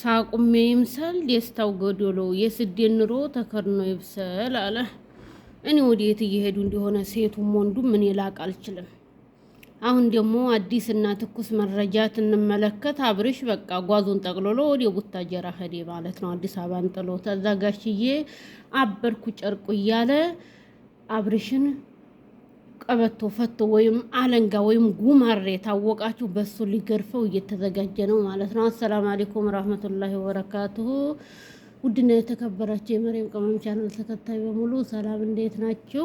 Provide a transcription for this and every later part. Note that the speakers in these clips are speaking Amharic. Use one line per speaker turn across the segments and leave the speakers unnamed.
ሳቁም ይምሰል ደስታው ጎዶሎ ኑሮ ተከርኖ ይብሰል አለ። እኔ ወዴት እየሄዱ እንደሆነ ሴቱም ወንዱም እኔ ላቅ አልችልም። አሁን ደግሞ አዲስና ትኩስ መረጃ ትንመለከት። አብርሽ በቃ ጓዞን ጠቅልሎ ወደ ቡታጀራ ሄደ ማለት ነው። አዲስ አበባን ጥሎ ተዛጋሽዬ አበርኩ ጨርቁ እያለ አብርሽን ቀበቶ ፈቶ ወይም አለንጋ ወይም ጉማሬ የታወቃችሁ በሱ ሊገርፈው እየተዘጋጀ ነው ማለት ነው። አሰላም አሌይኩም ረህመቱላሂ ወበረካቱሁ። ውድና የተከበራችሁ የመሪም ቅመም ቻናል ተከታይ በሙሉ ሰላም፣ እንዴት ናችሁ?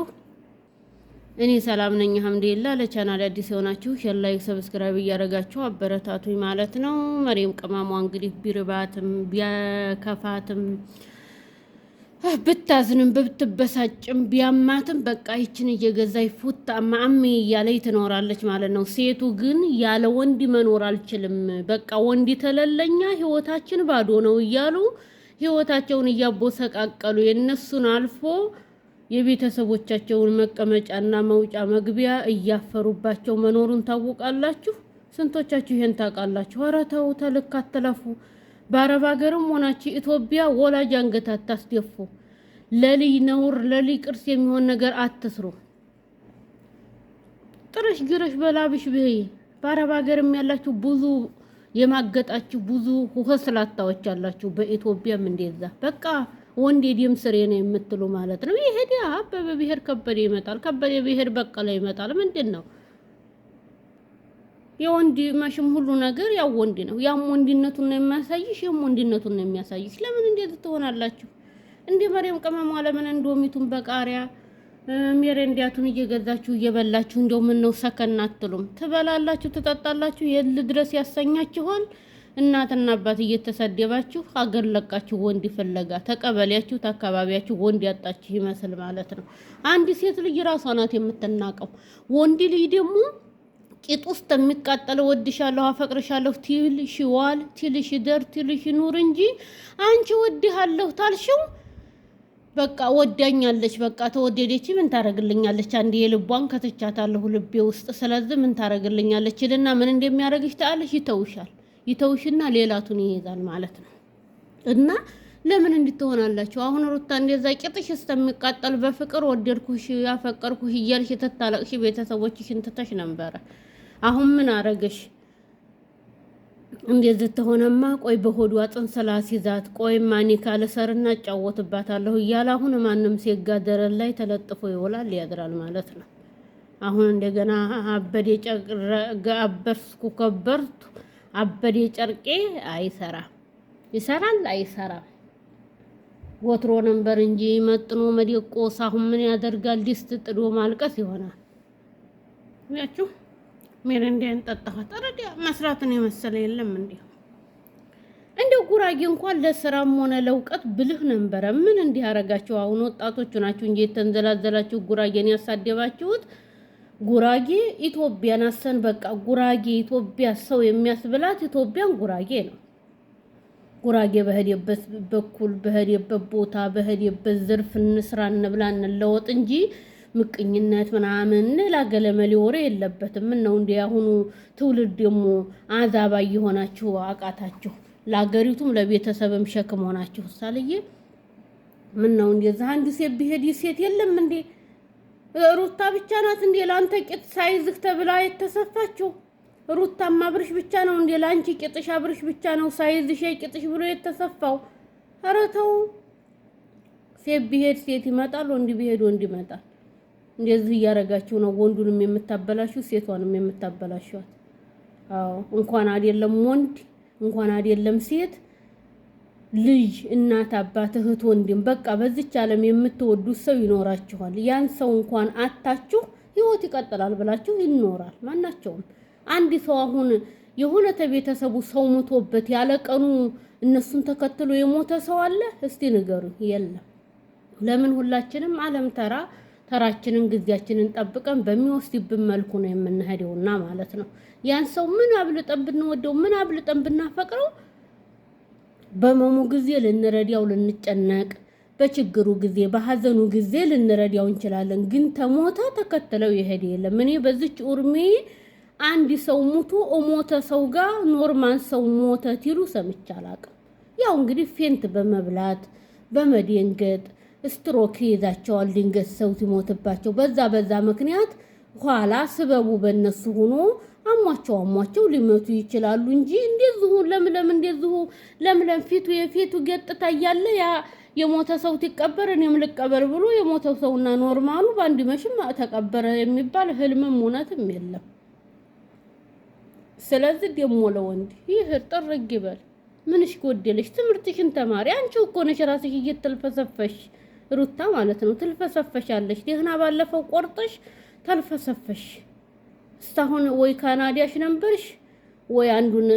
እኔ ሰላም ነኝ አልሐምዱሊላህ። ለቻናል አዲስ የሆናችሁ ሼር፣ ላይክ፣ ሰብስክራይብ እያደረጋችሁ አበረታቱኝ ማለት ነው። መሪም ቅመሟ እንግዲህ ቢርባትም ቢያከፋትም ብታዝንም ብትበሳጭም ቢያማትም በቃ ይችን እየገዛ ይፉታ ማሜ እያለች ትኖራለች ማለት ነው። ሴቱ ግን ያለ ወንድ መኖር አልችልም፣ በቃ ወንድ ተለለኛ ህይወታችን ባዶ ነው እያሉ ህይወታቸውን እያቦሰቃቀሉ የእነሱን አልፎ የቤተሰቦቻቸውን መቀመጫና መውጫ መግቢያ እያፈሩባቸው መኖሩን ታውቃላችሁ? ስንቶቻችሁ ይሄን ታውቃላችሁ? ኧረ ተው፣ ተልክ አትለፉ። በአረብ ሀገርም ሆናችሁ ኢትዮጵያ ወላጅ አንገት አታስደፉ። ለልጅ ነውር፣ ለልይ ቅርስ የሚሆን ነገር አትስሩ። ጥረሽ ግረሽ በላብሽ ብይ። በአረብ ሀገርም ያላችሁ ብዙ የማገጣችሁ ብዙ ሁከ ስላታዎች አላችሁ። በኢትዮጵያም እንደዛ በቃ ወንድ የደም ስሬ ነው የምትሉ ማለት ነው። ይሄ አበበ ብሔር ከበደ ይመጣል፣ ከበደ ብሔር በቀለ ይመጣል። ምንድን ነው? የወንድ መሽም ሁሉ ነገር ያው ወንድ ነው። ያም ወንድነቱን ነው የሚያሳይሽ፣ ያም ወንድነቱን ነው የሚያሳይሽ። ለምን እንዴት ትሆናላችሁ? እንደ መሪያም ቅመሟ ለምን እንዶሚቱን በቃሪያ ሜሬንዳቱን እየገዛችሁ እየበላችሁ እንደው ምን ነው ሰከን አትሉም? ትበላላችሁ፣ ትጠጣላችሁ፣ የል ድረስ ያሰኛችኋል። እናትና አባት እየተሰደባችሁ ሀገር ለቃችሁ ወንድ ፍለጋ ተቀበሌያችሁ ተአካባቢያችሁ ወንድ ያጣችሁ ይመስል ማለት ነው። አንድ ሴት ልጅ ራሷ ናት የምትናቀው። ወንድ ልጅ ደግሞ ቂጥ ውስጥ የሚቃጠለው ወድሻለሁ፣ አፈቅርሻለሁ ትልሽ ዋል ትልሽ ደር ትልሽ ኑር እንጂ አንቺ ወድሃለሁ ታልሽው በቃ ወዳኛለች። በቃ ተወደደች፣ ምን ታረግልኛለች? አንድ የልቧን ከተቻታለሁ ልቤ ውስጥ ስለዚህ ምን ታረግልኛለች? ይልና ምን እንደሚያደርግሽ ታለሽ? ይተውሻል። ይተውሽና ሌላቱን ይይዛል ማለት ነው። እና ለምን እንድትሆናላችሁ አሁን ሩታ እንደዛ ቂጥሽ እስከሚቃጠል በፍቅር ወደድኩሽ፣ ያፈቀርኩሽ እያልሽ ተታለቅሽ ቤተሰቦችሽን ትተሽ ነበረ። አሁን ምን አረገሽ? እንደዚህ ተሆነማ፣ ቆይ በሆዷ ጽንስላ ሲዛት፣ ቆይ ማኒካ ካለሰርና እጫወትባታለሁ እያለ አሁን ማንም ሲጋደረን ላይ ተለጥፎ ይውላል ያድራል ማለት ነው። አሁን እንደገና አበዴ አበርስኩ ከበርቱ አበዴ ጨርቄ አይሰራም፣ ይሰራል አይሰራም። ወትሮ ነበር እንጂ መጥኖ መደቆስ አሁን ምን ያደርጋል? ድስት ጥዶ ማልቀስ ይሆናል ያችሁ ሜሪንዳን ጠጣኋት። ኧረ መስራትን የመሰለ የለም። እንዲ እንደው ጉራጌ እንኳን ለስራም ሆነ ለእውቀት ብልህ ነበረ። ምን እንዲህ አደረጋችሁ? አሁን ወጣቶቹ ናችሁ እንጂ የተንዘላዘላችሁ ጉራጌን ያሳደባችሁት። ጉራጌ ኢትዮጵያን አሰን በቃ ጉራጌ ኢትዮጵያ ሰው የሚያስብላት ኢትዮጵያን ጉራጌ ነው። ጉራጌ በሄደበት በኩል በሄደበት ቦታ በሄደበት ዘርፍ እንስራ እንብላ እንለወጥ እንጂ ምቅኝነት ምናምን ላገለመሌ ወሬ የለበትም። ምን ነው እንዲህ አሁኑ ትውልድ ደግሞ አዛባይ እየሆናችሁ አቃታችሁ፣ ለአገሪቱም ለቤተሰብም ሸክም ሆናችሁ። ሳልዬ ምን ነው እንደዛ አንድ ሴት ቢሄድ ሴት የለም እንዴ? ሩታ ብቻ ናት እንዴ ለአንተ ቂጥ ሳይዝህ ተብላ የተሰፋችሁ? ሩታማ አብርሽ ብቻ ነው እንዴ ለአንቺ ቂጥሽ አብርሽ ብቻ ነው ሳይዝሽ ቂጥሽ ብሎ የተሰፋው? ኧረ ተው። ሴት ቢሄድ ሴት ይመጣል፣ ወንድ ቢሄድ ወንድ ይመጣል። እንደዚህ እያደረጋችሁ ነው ወንዱንም የምታበላሹ ሴቷንም የምታበላሿት። አዎ እንኳን አይደለም ወንድ እንኳን አይደለም ሴት ልጅ፣ እናት፣ አባት፣ እህት፣ ወንድም በቃ በዚች ዓለም የምትወዱት ሰው ይኖራችኋል። ያን ሰው እንኳን አታችሁ ህይወት ይቀጥላል ብላችሁ ይኖራል። ማናቸውም አንድ ሰው አሁን የሆነ ተቤተሰቡ ሰው ሞቶበት ያለቀኑ እነሱን ተከትሎ የሞተ ሰው አለ? እስቲ ነገሩ የለም። ለምን ሁላችንም አለም ተራ ተራችንን ጊዜያችንን ጠብቀን በሚወስድብን መልኩ ነው የምንሄደውና ማለት ነው። ያን ሰው ምን አብልጠን ብንወደው ምን አብልጠን ብናፈቅረው በመሙ ጊዜ ልንረዳው ልንጨነቅ፣ በችግሩ ጊዜ በሀዘኑ ጊዜ ልንረዳው እንችላለን። ግን ተሞተ ተከተለው ይሄድ የለም። እኔ በዚች ኡርሜ አንድ ሰው ሙቶ ሞተ ሰው ጋር ኖርማን ሰው ሞተ ቲሉ ሰምቼ ያው እንግዲህ ፌንት በመብላት በመደንገጥ ስትሮክ ይይዛቸዋል። ድንገት ሰው ሲሞትባቸው በዛ በዛ ምክንያት ኋላ ስበቡ በነሱ ሆኖ አሟቸው አሟቸው ሊመቱ ይችላሉ እንጂ እንደዚሁ ለምለም እንደዚሁ ለምለም ፊቱ የፊቱ ገጥታ እያለ ያ የሞተ ሰው ሲቀበር እኔም ልቀበር ብሎ የሞተ ሰውና ኖርማሉ በአንድ መሽም ተቀበረ የሚባል ህልምም እውነትም የለም። ስለዚህ ደሞ ለወንድ ይህ ጥርግ ይበል። ምንሽ ጎደለሽ? ትምህርትሽን ተማሪ። አንቺ እኮ ነሽ ራስሽ እየተልፈሰፈሽ ሩታ ማለት ነው። ትልፈሰፈሻለሽ። ደህና ባለፈው ቆርጠሽ ተልፈሰፈሽ። እስካሁን ወይ ካናዳሽ ነበርሽ ወይ አንዱን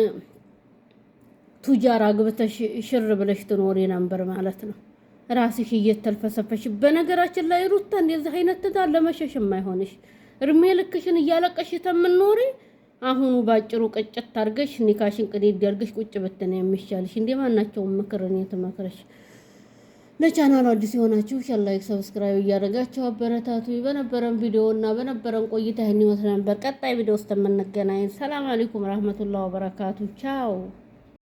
ቱጃር አግብተሽ ሽር ብለሽ ትኖሪ ነበር ማለት ነው። ራስሽ እየተልፈሰፈሽ። በነገራችን ላይ ሩታ እንደዚህ አይነት ትዳር ለመሸሽ የማይሆንሽ እድሜ ልክሽን እያለቀሽ ተምኖሪ አሁኑ ባጭሩ ቅጭት አድርገሽ ኒካሽን ቅዴ አድርገሽ ቁጭ ብትን የሚሻልሽ እንዴ ማናቸውም ምክርን የተመክረሽ ለቻናሉ አዲስ የሆናችሁ ሸር፣ ላይክ፣ ሰብስክራይብ እያደረጋችሁ አበረታቱ። በነበረን ቪዲዮ እና በነበረን ቆይታ ይህን ይመስል ነበር። ቀጣይ ቪዲዮ ውስጥ የምንገናኝ። ሰላም አለይኩም ረህመቱላህ ወበረካቱ። ቻው